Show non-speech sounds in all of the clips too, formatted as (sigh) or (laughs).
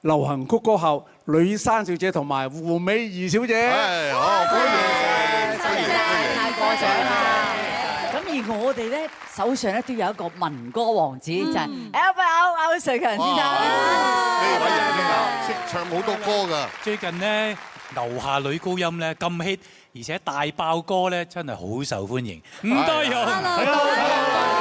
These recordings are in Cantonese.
.流行曲歌后呂珊小姐同埋胡美儀小姐，好歡迎，生日快樂，過獎啦。咁而我哋咧手上咧都有一個民歌王子，就係 L.L. 區瑞強先生。呢位人識唱好多歌噶。最近咧樓下女高音咧咁 hit，而且大爆歌咧真係好受歡迎。唔多用。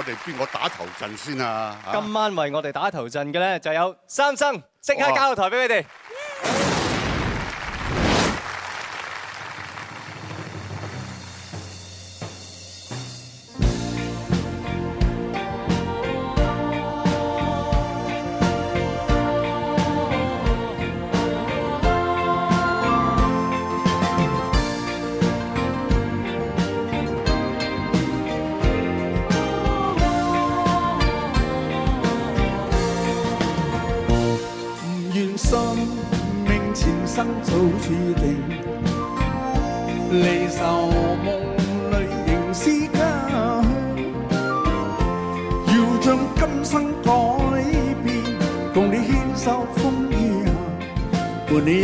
我哋邊個打頭陣先啊？今晚為我哋打頭陣嘅咧，就有三生，即刻交個台俾你哋。啊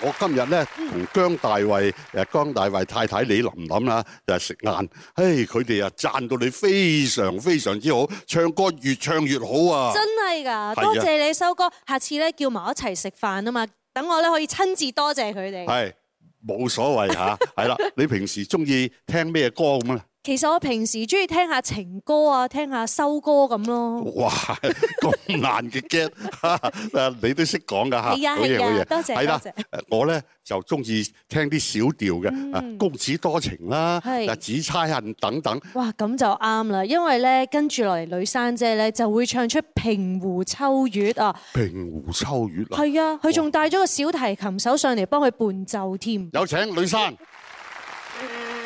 我今日呢，同姜大衛、誒、嗯、姜大衛太太李琳琳就誒食晏，誒佢哋啊讚到你非常非常之好，唱歌越唱越好啊真的！真係㗎，多謝你收哥。下次呢，叫埋一齊食飯啊嘛，等我呢，可以親自多謝佢哋。係冇所謂嚇，係 (laughs) 啦，你平時中意聽咩歌咁啊？其實我平時中意聽下情歌啊，聽下收歌咁咯。哇，咁難嘅 get，啊你都識講噶嚇？係啊係啊，多謝。我咧就中意聽啲小調嘅，嗯、公子多情啦，嗱紫釵恨等等。哇，咁就啱啦，因為咧跟住落嚟，女生姐咧就會唱出平湖秋月啊。平湖秋月啊。係啊，佢仲帶咗個小提琴手上嚟幫佢伴奏添。有請女生、嗯。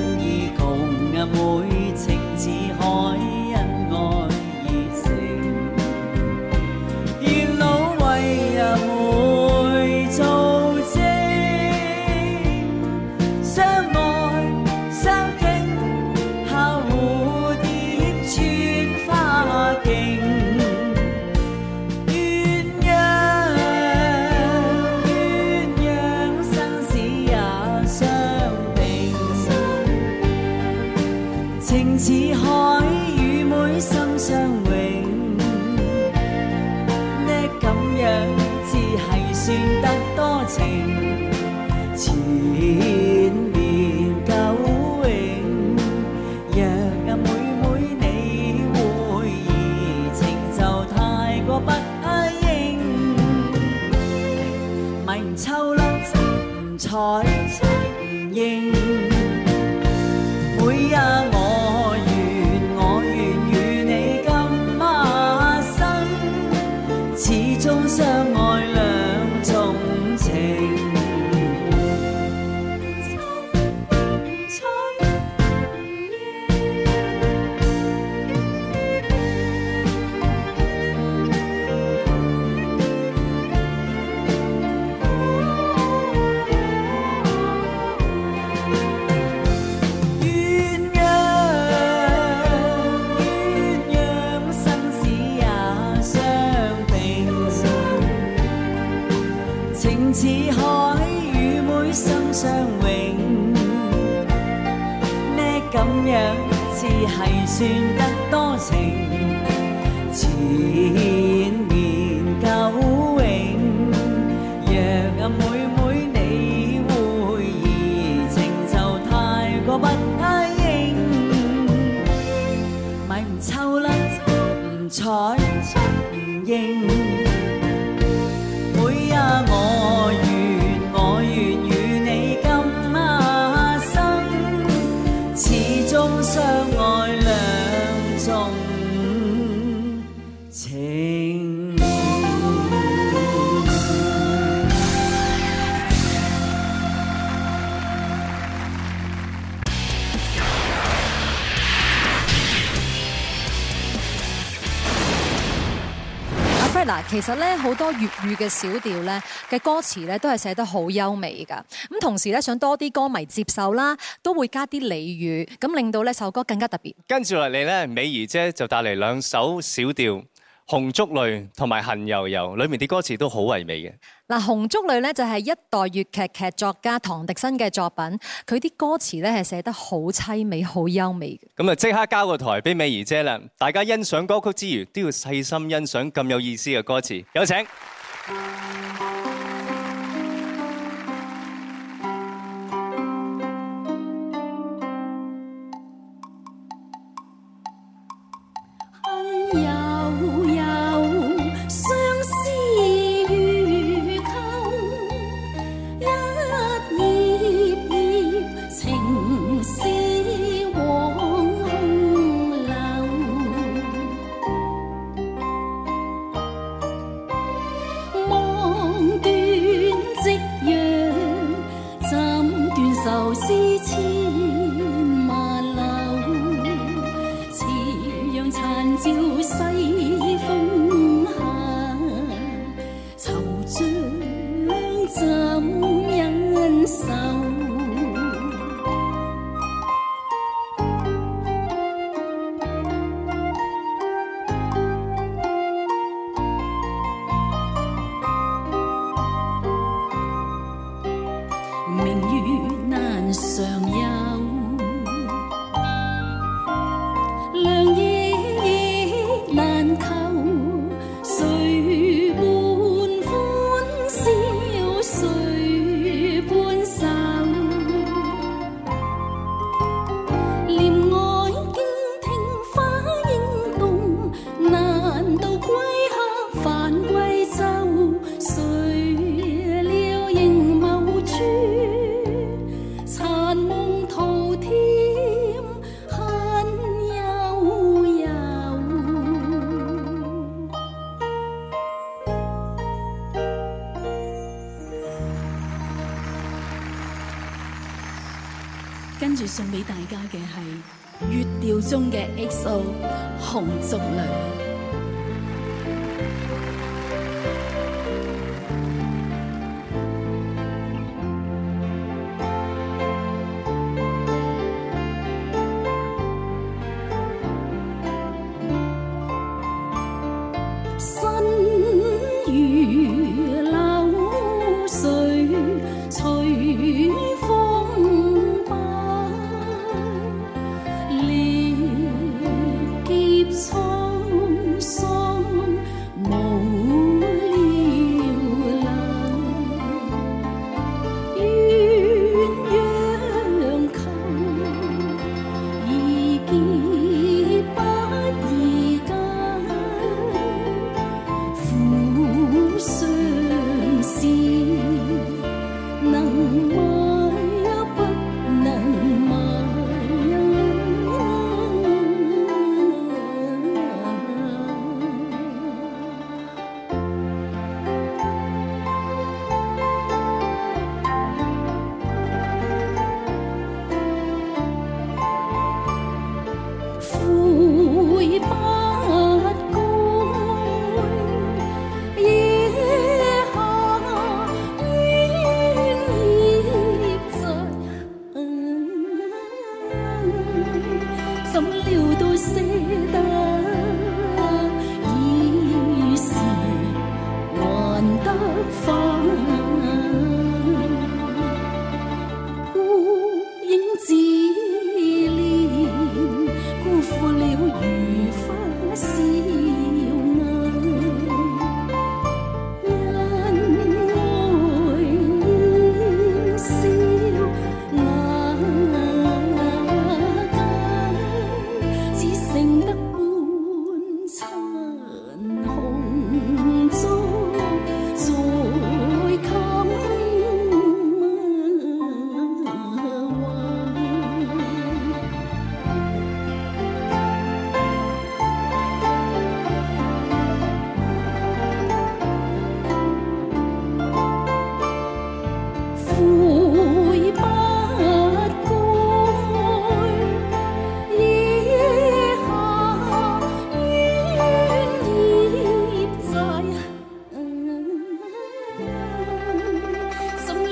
其實咧好多粵語嘅小調咧嘅歌詞咧都係寫得好優美㗎，咁同時咧想多啲歌迷接受啦，都會加啲俚語，咁令到呢首歌更加特別。跟住落嚟咧，美儀姐就帶嚟兩首小調。紅燭淚同埋恨悠悠，裏面啲歌詞都好唯美嘅。嗱，紅燭淚呢就係一代粵劇劇作家唐滌生嘅作品，佢啲歌詞呢，係寫得好淒美、好優美嘅。咁啊，即刻交個台俾美儀姐啦！大家欣賞歌曲之餘，都要細心欣賞咁有意思嘅歌詞。有請。嗯跟住送俾大家嘅係《粵調》中嘅 XO 紅燭淚。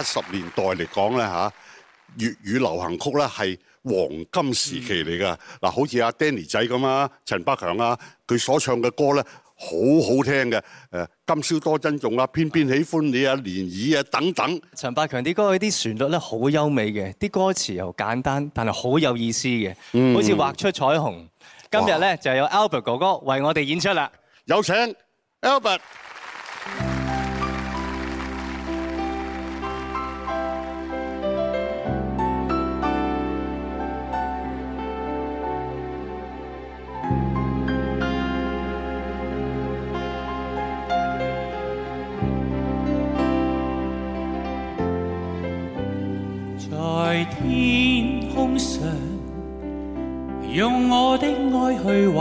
八十年代嚟講咧嚇，粵語流行曲咧係黃金時期嚟噶。嗱、嗯，好似阿 Danny 仔咁啊，陳百強啊，佢所唱嘅歌咧好好聽嘅。誒，今宵多珍重啦，偏偏喜歡你啊，漣漪啊等等。陳百強啲歌啲旋律咧好優美嘅，啲歌詞又簡單，但係好有意思嘅。嗯、好似畫出彩虹。今日咧就係有 Albert 哥哥為我哋演出啦，有請 Albert。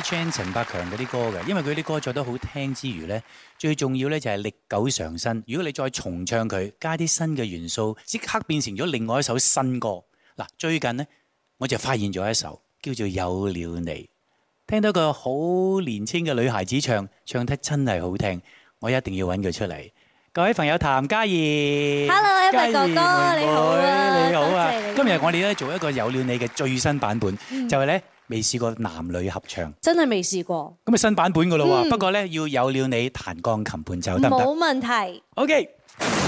陳百強嗰啲歌嘅，因為佢啲歌作得好聽之餘呢，最重要呢就係歷久常新。如果你再重唱佢，加啲新嘅元素，即刻變成咗另外一首新歌。嗱，最近呢，我就發現咗一首叫做《有了你》，聽到一個好年輕嘅女孩子唱，唱得真係好聽。我一定要揾佢出嚟。各位朋友，譚嘉儀，Hello，一位哥哥，你好你好啊。好啊，謝謝啊。今日我哋咧做一個有了你嘅最新版本，就係呢。嗯未試過男女合唱，真係未試過。咁咪新版本㗎咯喎，嗯、不過咧要有料，你彈鋼琴伴奏得唔得？冇問題。OK。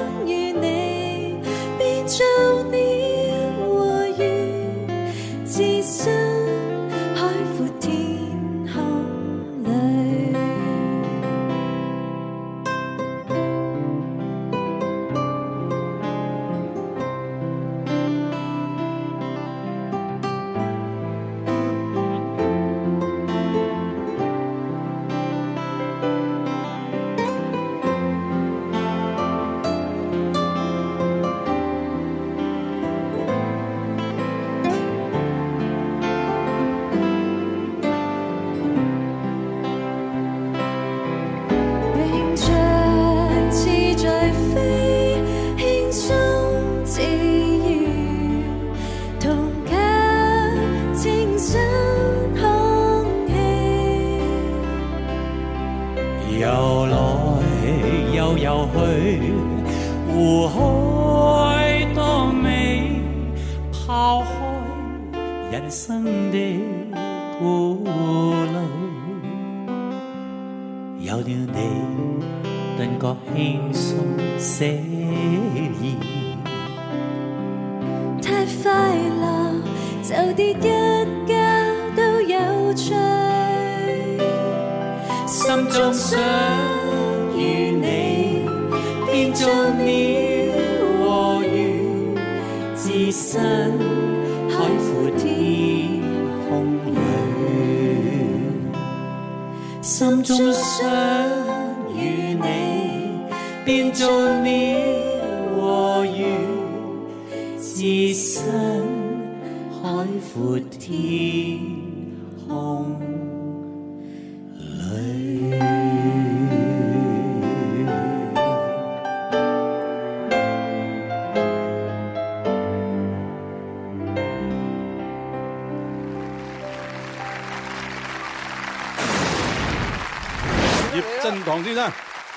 葉振棠先生、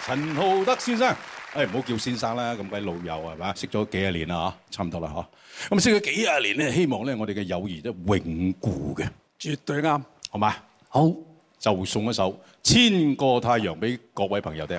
陳浩德先生，哎唔好叫先生啦，咁鬼老友係嘛，識咗幾廿年啦嗬，差唔多啦嗬。咁識咗幾廿年咧，希望咧我哋嘅友誼都永固嘅，絕對啱，好嘛？好，就送一首《千個太陽》俾各位朋友聽。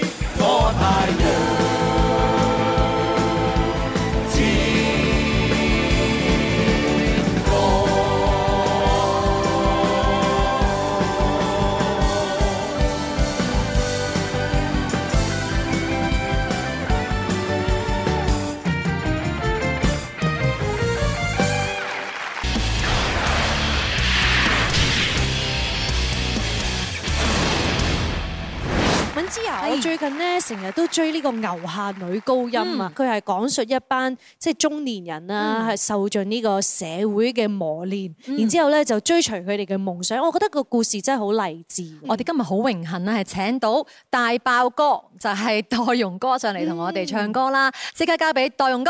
近咧成日都追呢個牛下女高音啊！佢、嗯、係講述一班即係中年人啊，係、嗯、受盡呢個社會嘅磨練、嗯，然之後咧就追隨佢哋嘅夢想。我覺得這個故事真係好勵志。嗯、我哋今日好榮幸啊，係請到大爆哥，就係、是、岱融哥上嚟同我哋唱歌啦！即、嗯、刻交俾岱融哥。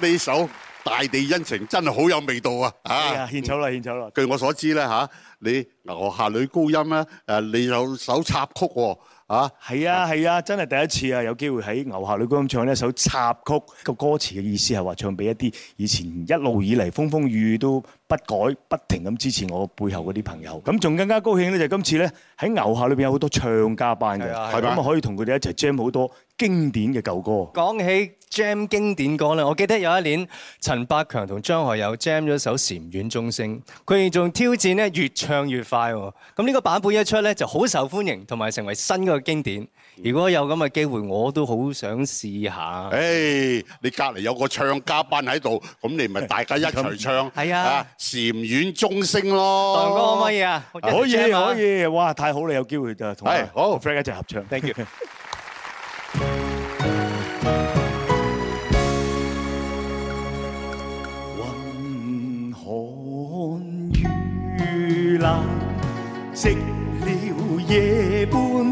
呢首大地恩情真係好有味道啊！啊，獻醜啦，獻醜啦！據我所知咧嚇，你牛下女高音咧，誒，你有首插曲喎，啊，係啊，係啊，真係第一次啊，有機會喺牛下女高音唱呢一首插曲，個歌詞嘅意思係話唱俾一啲以前一路以嚟風風雨雨都不改，不停咁支持我背後嗰啲朋友。咁仲更加高興咧，就係、今次咧喺牛校裏邊有好多唱家班嘅，咁啊可以同佢哋一齊 jam 好多經典嘅舊歌。講起 jam 經典歌咧，我記得有一年陳百強同張學友 jam 咗首《禪院鐘聲》，佢哋仲挑戰咧越唱越快。咁、這、呢個版本一出咧就好受歡迎，同埋成為新嘅經典。如果有咁嘅機會，我都好想試下。誒，你隔離有個唱家班喺度，咁你咪大家一齊唱？係啊，禪院鐘聲咯。棠哥可唔可以啊？可以可以，哇！太好啦，有機會就同好。係好，friend 一齊合唱，thank you。雲寒雨冷，寂寥夜半。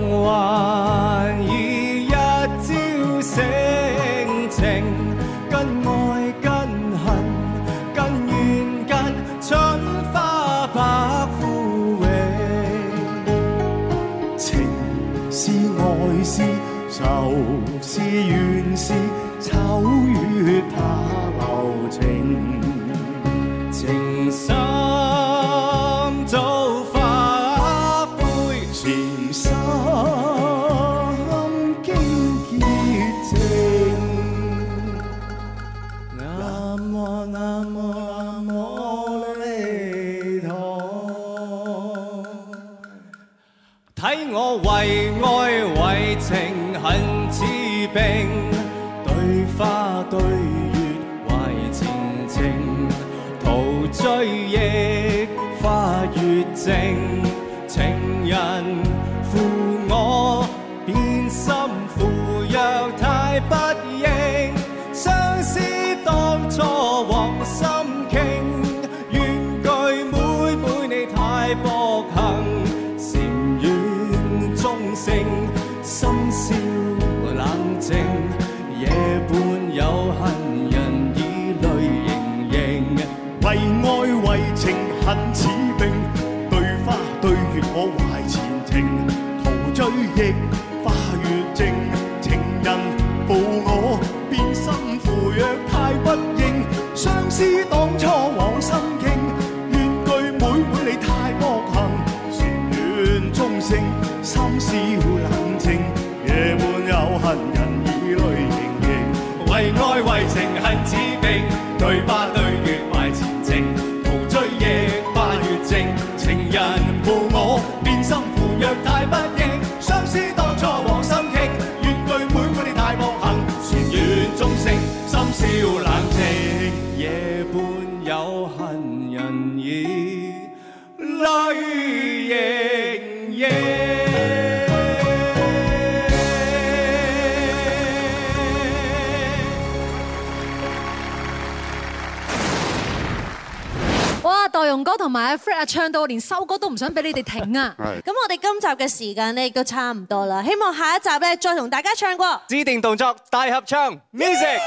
唔想俾你哋停啊！咁我哋今集嘅時間呢，亦都差唔多啦，希望下一集呢再同大家唱過，指定動作大合唱。Music。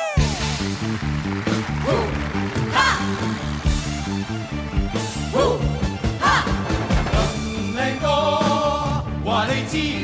(music)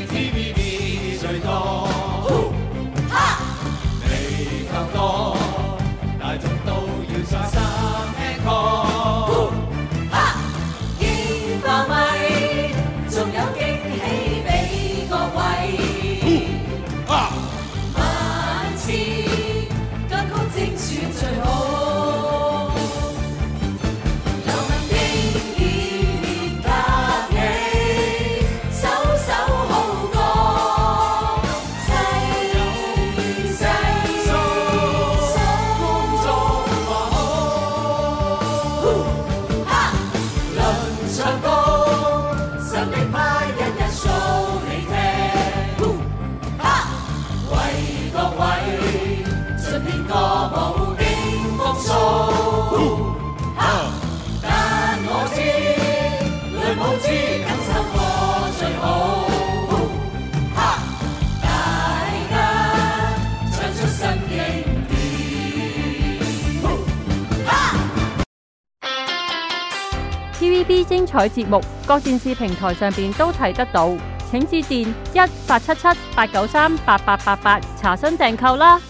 改節目，各電視平台上邊都睇得到，請致電一八七七八九三八八八八查詢訂購啦。